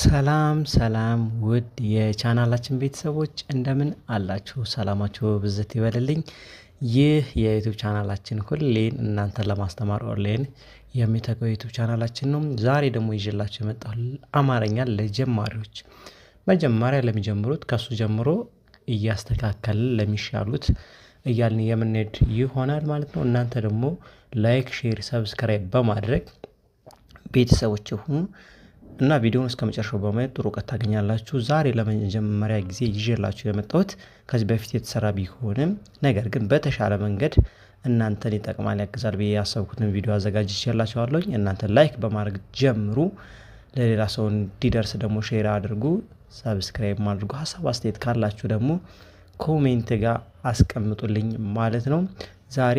ሰላም ሰላም ውድ የቻናላችን ቤተሰቦች እንደምን አላችሁ? ሰላማችሁ ብዝት ይበልልኝ። ይህ የዩቱብ ቻናላችን ሁሌን እናንተን ለማስተማር ኦንላይን የሚተገው ዩቱብ ቻናላችን ነው። ዛሬ ደግሞ ይዤላችሁ የመጣሁ አማርኛ ለጀማሪዎች መጀመሪያ ለሚጀምሩት ከሱ ጀምሮ እያስተካከልን ለሚሻሉት እያልን የምንሄድ ይሆናል ማለት ነው። እናንተ ደግሞ ላይክ፣ ሼር፣ ሰብስክራይብ በማድረግ ቤተሰቦች ሁኑ። እና ቪዲዮውን እስከ መጨረሻው በማየት ጥሩ እውቀት ታገኛላችሁ። ዛሬ ለመጀመሪያ ጊዜ ይዤላችሁ የመጣሁት ከዚህ በፊት የተሰራ ቢሆንም ነገር ግን በተሻለ መንገድ እናንተን ይጠቅማል፣ ያግዛል ብዬ ያሰብኩትን ቪዲዮ አዘጋጅቼላችኋለሁ። እናንተ ላይክ በማድረግ ጀምሩ። ለሌላ ሰው እንዲደርስ ደግሞ ሼር አድርጉ፣ ሰብስክራይብ አድርጉ። ሀሳብ አስተያየት ካላችሁ ደግሞ ኮሜንት ጋር አስቀምጡልኝ ማለት ነው። ዛሬ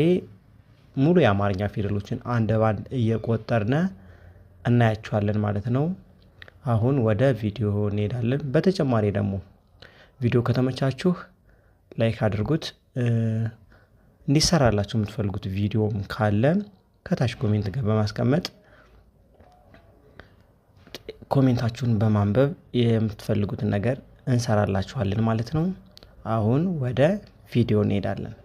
ሙሉ የአማርኛ ፊደሎችን አንድ ባንድ እየቆጠርን እናያቸዋለን ማለት ነው። አሁን ወደ ቪዲዮ እንሄዳለን። በተጨማሪ ደግሞ ቪዲዮ ከተመቻችሁ ላይክ አድርጉት። እንዲሰራላችሁ የምትፈልጉት ቪዲዮም ካለ ከታች ኮሜንት ጋር በማስቀመጥ ኮሜንታችሁን በማንበብ የምትፈልጉትን ነገር እንሰራላችኋለን ማለት ነው። አሁን ወደ ቪዲዮ እንሄዳለን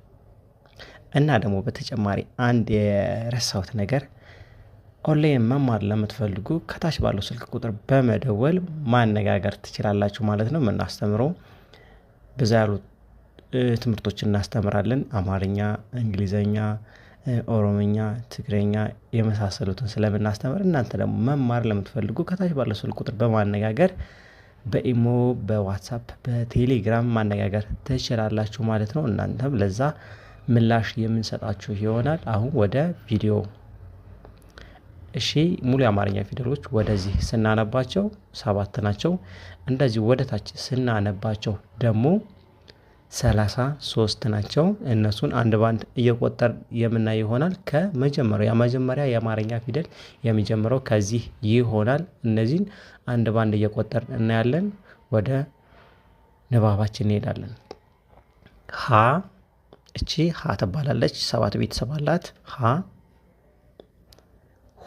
እና ደግሞ በተጨማሪ አንድ የረሳሁት ነገር ኦንላይን መማር ለምትፈልጉ ከታች ባለው ስልክ ቁጥር በመደወል ማነጋገር ትችላላችሁ ማለት ነው። የምናስተምረው በዛ ያሉ ትምህርቶችን እናስተምራለን። አማርኛ፣ እንግሊዘኛ፣ ኦሮምኛ፣ ትግረኛ የመሳሰሉትን ስለምናስተምር እናንተ ደግሞ መማር ለምትፈልጉ ከታች ባለው ስልክ ቁጥር በማነጋገር በኢሞ፣ በዋትሳፕ፣ በቴሌግራም ማነጋገር ትችላላችሁ ማለት ነው። እናንተም ለዛ ምላሽ የምንሰጣችሁ ይሆናል። አሁን ወደ ቪዲዮ እሺ ሙሉ የአማርኛ ፊደሎች ወደዚህ ስናነባቸው ሰባት ናቸው። እንደዚህ ወደ ታች ስናነባቸው ደግሞ ሰላሳ ሶስት ናቸው። እነሱን አንድ ባንድ እየቆጠር የምናይ ይሆናል። ከመጀመሪያው የመጀመሪያ የአማርኛ ፊደል የሚጀምረው ከዚህ ይሆናል። እነዚህን አንድ ባንድ እየቆጠር እናያለን። ወደ ንባባችን እንሄዳለን። ሀ እቺ ሀ ትባላለች። ሰባት ቤተሰብ አላት። ሀ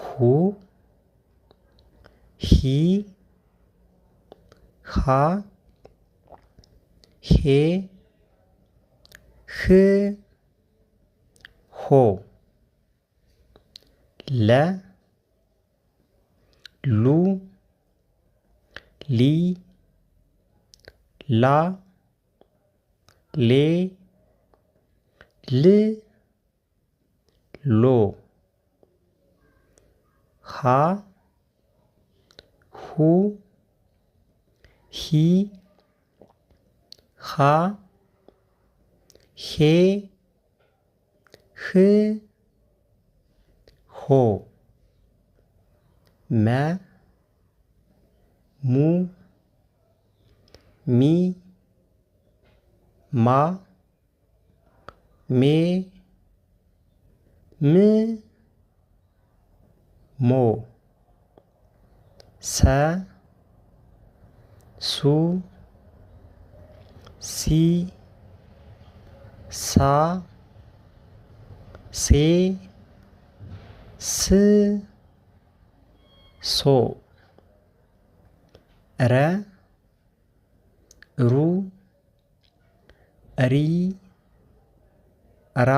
ሁ ሂ ሃ ሄ ህ ሆ ለ ሉ ሊ ላ ሌ ል ሎ ሀ ሁ ሂ ሃ ሄ ህ ሆ መ ሙ ሚ ማ ሜ ም ሞ ሰ ሱ ሲ ሳ ሴ ስ ሶ ረ ሩ ሪ ራ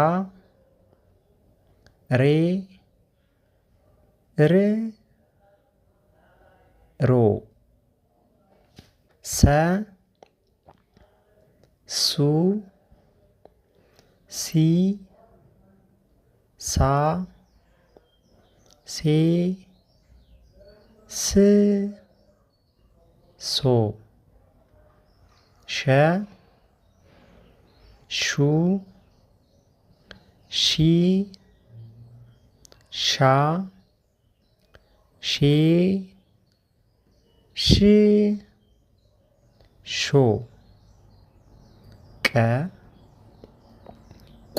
ሬ ር ሮ ሰ ሱ ሲ ሳ ሴ ስ ሶ ሸ ሹ ሺ ሻ ሼ ሽ ሾ ቀ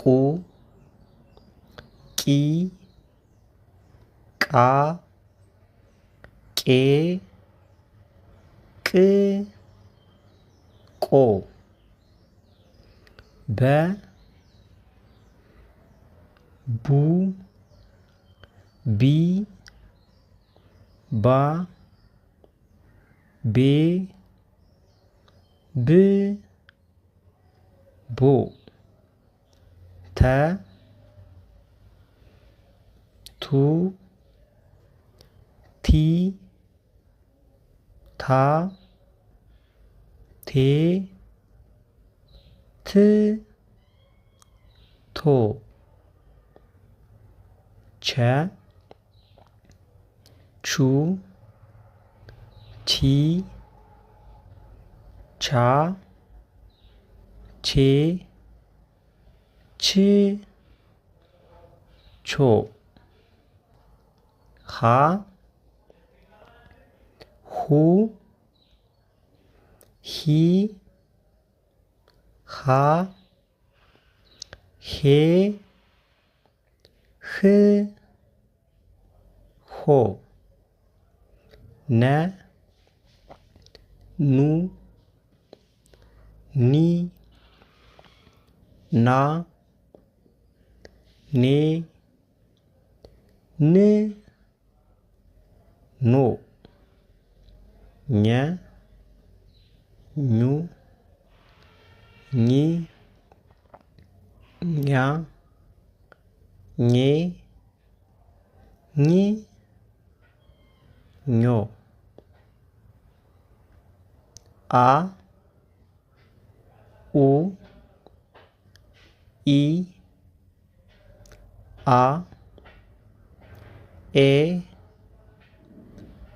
ቁ ቂ ቃ ቄ ቅ ቆ በ ቡ ቢ ባ ቤ ብ ቦ ተ ቱ ቲ ታ ቴ ት ቶ ቸ 주, 지, 자, 제, 치, 초, 하, 후, 히, 하, 해, 흐, 호. na nu ni na ne ne no nhá nhu ni nhá nhé nhi nhô 아, 우, 이, 아, 에,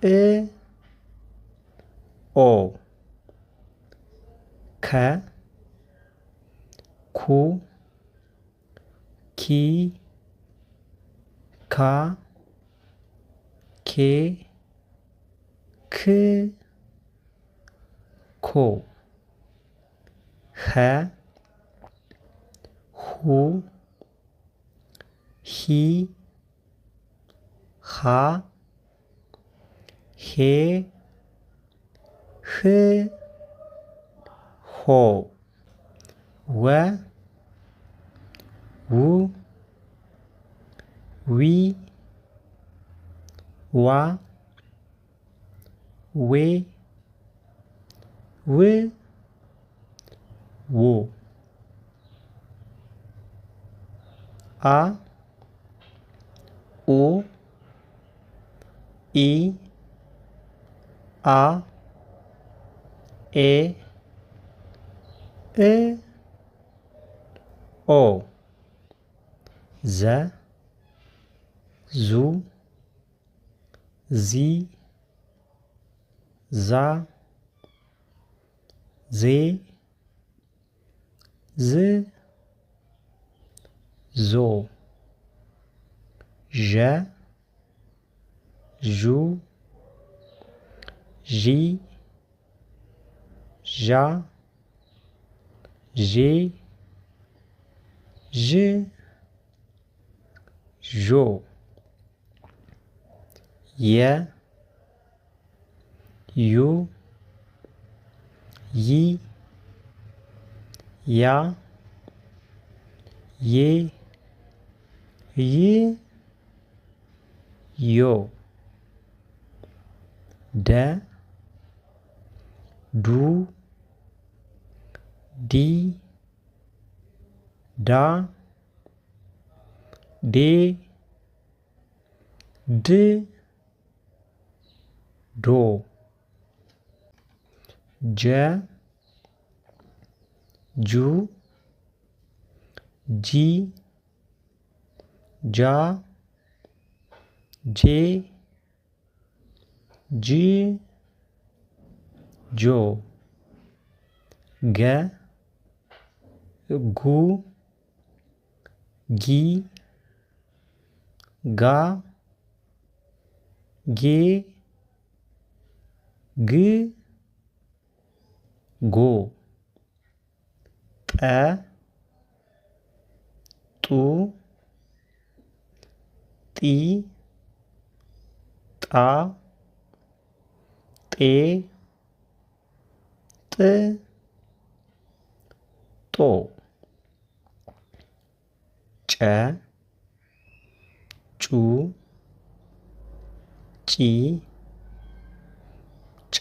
으, 오, 가, 고, 기, 가, 개, 크, 코, 하, 후, 히, 하, 해, 흐, 호, 와, 우, 위, 와, 왜, 왜, 오, a, o, i, a, e, e, o, z, zu, zi, za, Zé. Z, So, Je, Jou, J, Ja, Jé. Je, Jo, ye You, ይ ያ የ ይ ዮ ደ ዱ ዲ ዳ ዴ ድ ዶ ज जू जी जा जे जी जो ग घू गी गा गे ग ጎ ጠ ጡ ጢ ጣ ጤ ጥ ጦ ጨ ጩ ጪ ጫ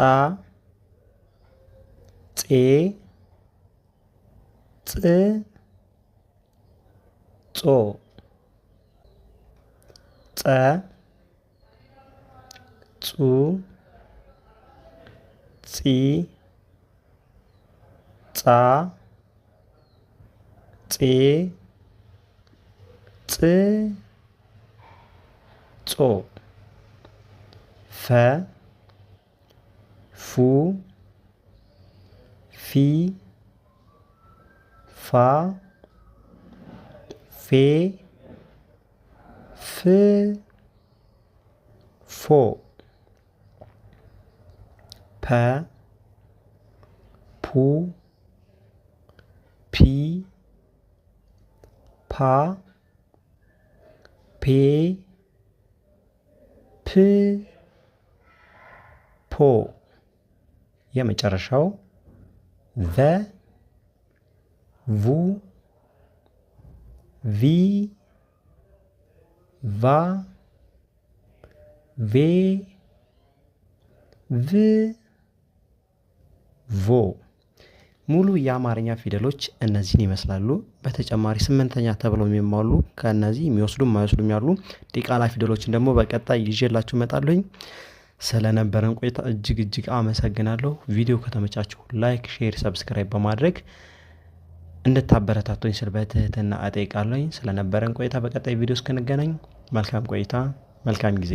ጻ ፄ ፅ ጾ ጸ ጹ ጺ ጻ ፄ ፅ ጾ ፈ fu, fi, fa, fe, f, fo, pa, pu, pi, pa, pe, p, p 포 የመጨረሻው ዘ ቡ ቪ ቫ ቬ ቭ ቮ ሙሉ የአማርኛ ፊደሎች እነዚህን ይመስላሉ። በተጨማሪ ስምንተኛ ተብለው የሚማሉ ከእነዚህ የሚወስዱ የማይወስዱ ያሉ ዲቃላ ፊደሎችን ደግሞ በቀጣይ ይዤላችሁ እመጣለሁኝ። ስለነበረን ቆይታ እጅግ እጅግ አመሰግናለሁ። ቪዲዮ ከተመቻችሁ ላይክ፣ ሼር፣ ሰብስክራይብ በማድረግ እንድታበረታቱኝ ስል በትህትና እጠይቃለኝ። ስለነበረን ቆይታ በቀጣይ ቪዲዮ እስክንገናኝ መልካም ቆይታ፣ መልካም ጊዜ